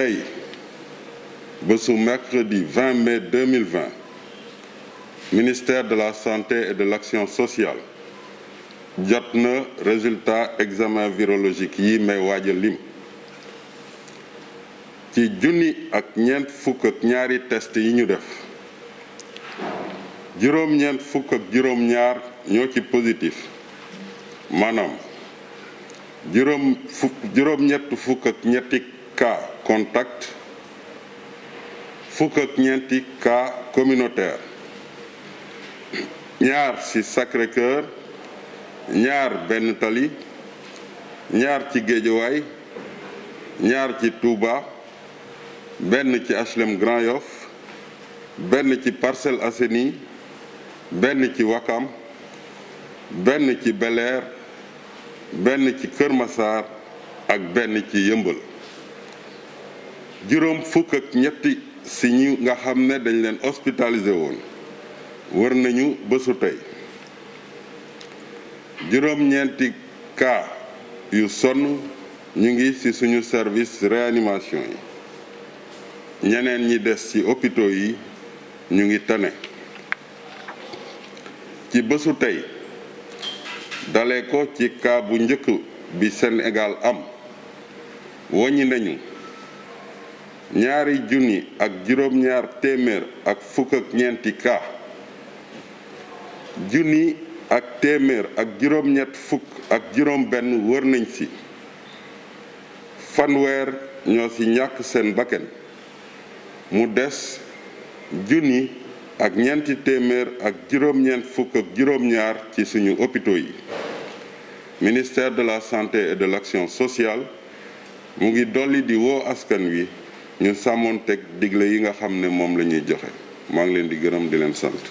tey bésu mercredi 20 mai 2020 ministère de la santé et de l'action sociale jotna résultat examen virologique yi may waaj lim ci junni ak ñent fuk ak ñaari test yi ñu def juróom ñent fuk ak ñaar positif Manam. juróom fukk juróom-ñett fuk ak ñetti cas contact fukk ak ñeenti communautaire ñaar ci Sacré-Cœur ñaar Benn Tali ñaar ci Géejawaay ñaar ci Touba benn ci HLM Grand Yoff benn ci Parcelles Assainies benn ci Wakam benn ci Bel benn ci Kër ak benn ci Yëmbal juróom fukk ak ñetti si ñi nga xam ne dañ leen hospitalisé woon wër nañu bésu tey juróom-ñeenti cas yu sonn ñu ngi ci suñu service réanimation yi ñeneen ñi des ci hôpitaux yi ñu ngi tane ci bésu tey dale ko ci cas bu njëkk bi Sénégal am woññi nañu ñaari junni ak juróom-ñaar téeméer ak fukk ak ñeenti cas junni ak téeméer ak juróom-ñett fukk ak juróom-benn wër nañ ci fanweer ñoo ci ñàkk seen bakken mu des junni ak ñeenti téeméer ak juróom-ñeent fukk ak juróom-ñaar ci suñu hôpitaux yi ministère de la santé et de l'action sociale mu ngi dolli di woo askan wi ñu sàmmoon teg digle yi nga xam ne moom la ñuy joxe maa ngi leen di gërëm di leen sant